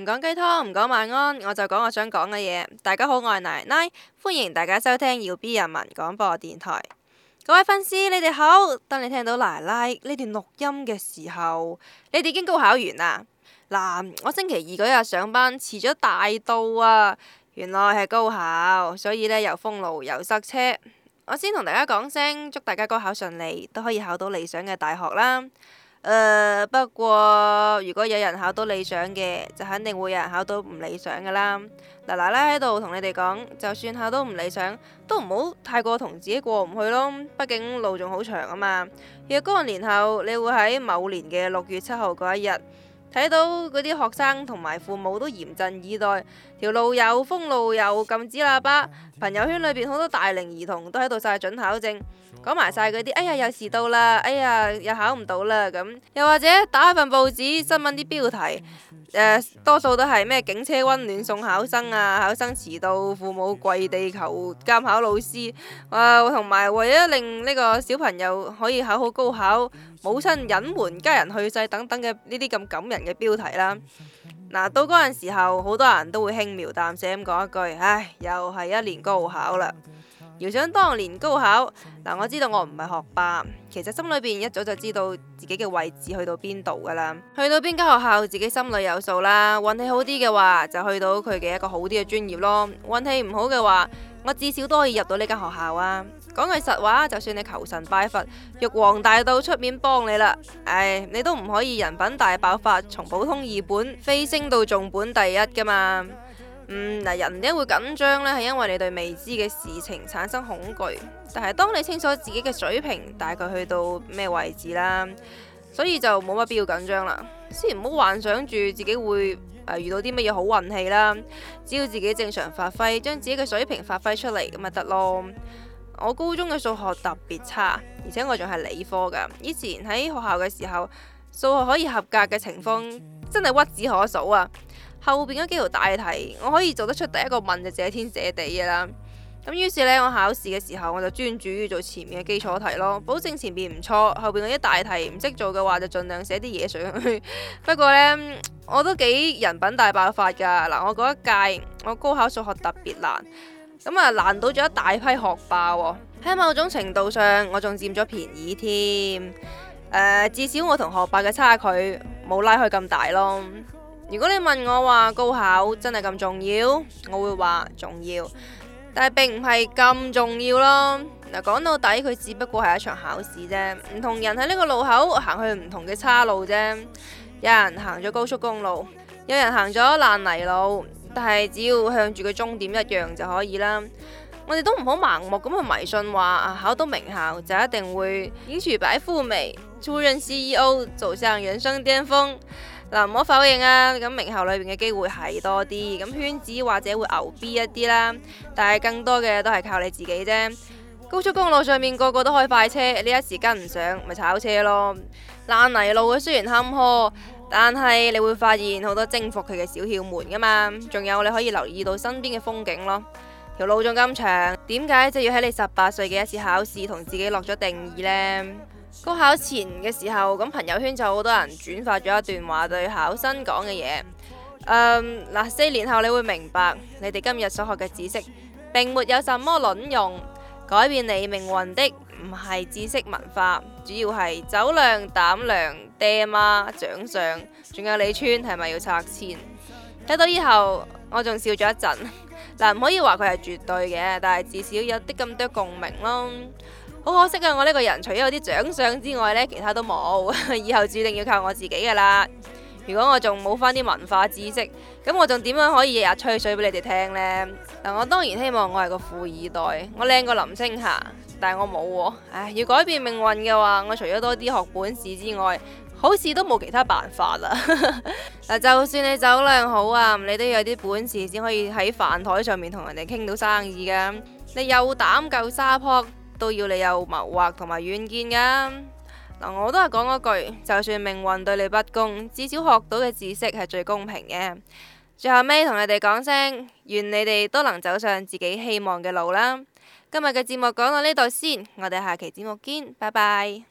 唔講雞湯，唔講晚安，我就講我想講嘅嘢。大家好，我係奶奶，歡迎大家收聽 YB 人民廣播電台。各位粉絲，你哋好。當你聽到奶奶呢段錄音嘅時候，你哋已經高考完啦。嗱，我星期二嗰日上班遲咗大到啊，原來係高考，所以呢又封路又塞車。我先同大家講聲，祝大家高考順利，都可以考到理想嘅大學啦。誒、呃，不過如果有人考到理想嘅，就肯定會有人考到唔理想噶啦。奶奶啦喺度同你哋講，就算考到唔理想，都唔好太過同自己過唔去咯。畢竟路仲好長啊嘛。若干、那個、年後，你會喺某年嘅六月七號嗰一日，睇到嗰啲學生同埋父母都嚴陣以待，條路又封路又禁止喇叭，朋友圈裏邊好多大齡兒童都喺度晒準考證，講埋晒嗰啲，哎呀又遲到啦，哎呀又考唔到啦，咁又或者打開一份報紙新聞啲標題。誒多數都係咩警車溫暖送考生啊，考生遲到，父母跪地求監考老師，哇，同埋為咗令呢個小朋友可以考好高考，母親隱瞞家人去世等等嘅呢啲咁感人嘅標題啦。嗱，到嗰陣時候，好多人都會輕描淡寫咁講一句：「唉，又係一年高考啦。」遙想當年高考，嗱，我知道我唔係學霸，其實心裏邊一早就知道自己嘅位置去到邊度噶啦，去到邊間學校自己心裏有數啦。運氣好啲嘅話，就去到佢嘅一個好啲嘅專業咯；運氣唔好嘅話，我至少都可以入到呢間學校啊。講句實話，就算你求神拜佛、玉皇大帝出面幫你啦，唉，你都唔可以人品大爆發，從普通二本飛升到重本第一噶嘛。嗯，嗱，人點解會緊張呢？係因為你對未知嘅事情產生恐懼。但係當你清楚自己嘅水平大概去到咩位置啦，所以就冇乜必要緊張啦。雖然唔好幻想住自己會誒、啊、遇到啲乜嘢好運氣啦，只要自己正常發揮，將自己嘅水平發揮出嚟咁咪得咯。我高中嘅數學特別差，而且我仲係理科噶。以前喺學校嘅時候，數學可以合格嘅情況真係屈指可數啊！後邊嗰幾條大題，我可以做得出第一個問就謝天謝地嘅啦。咁於是呢，我考試嘅時候，我就專注於做前面嘅基礎題咯，保證前面唔錯。後邊嗰啲大題唔識做嘅話，就盡量寫啲嘢上去。 不過呢，我都幾人品大爆發噶。嗱，我嗰一屆我高考數學特別難，咁啊難倒咗一大批學霸。喺某種程度上，我仲佔咗便宜添、呃。至少我同學霸嘅差距冇拉開咁大咯。如果你問我話，高考真係咁重要？我會話重要，但係並唔係咁重要咯。嗱，講到底佢只不過係一場考試啫，唔同人喺呢個路口行去唔同嘅岔路啫。有人行咗高速公路，有人行咗爛泥路，但係只要向住個終點一樣就可以啦。我哋都唔好盲目咁去迷信話考到名校就一定會迎娶白富美，出任 CEO，走上人生巔峰。嗱，唔好否認啊！咁名校裏邊嘅機會係多啲，咁圈子或者會牛逼一啲啦。但係更多嘅都係靠你自己啫。高速公路上面個個都開快車，呢一時跟唔上咪炒車咯。爛泥路嘅雖然坎坷，但係你會發現好多征服佢嘅小竅門㗎嘛。仲有你可以留意到身邊嘅風景咯。條路仲咁長，點解就要喺你十八歲嘅一次考試同自己落咗定義呢？高考前嘅時候，咁朋友圈就好多人轉發咗一段話對考生講嘅嘢。嗱、嗯、四年後你會明白，你哋今日所學嘅知識，並沒有什麼卵用。改變你命運的唔係知識文化，主要係酒量、膽量、爹媽、長相，仲有你村係咪要拆遷？睇到以後，我仲笑咗一陣。嗱、嗯，唔可以話佢係絕對嘅，但係至少有啲咁多共鳴咯。好可惜啊！我呢個人除咗有啲長相之外呢，其他都冇。以後注定要靠我自己噶啦。如果我仲冇翻啲文化知識，咁我仲點樣可以日日吹水俾你哋聽呢？嗱，我當然希望我係個富二代，我靚過林青霞，但係我冇喎、啊。唉，要改變命運嘅話，我除咗多啲學本事之外，好似都冇其他辦法啦。嗱， 就算你酒量好啊，你都要有啲本事先可以喺飯台上面同人哋傾到生意噶。你有膽夠沙扑？都要你有謀劃同埋遠見噶嗱，我都係講嗰句，就算命運對你不公，至少學到嘅知識係最公平嘅。最後尾同你哋講聲，願你哋都能走上自己希望嘅路啦。今日嘅節目講到呢度先，我哋下期節目見，拜拜。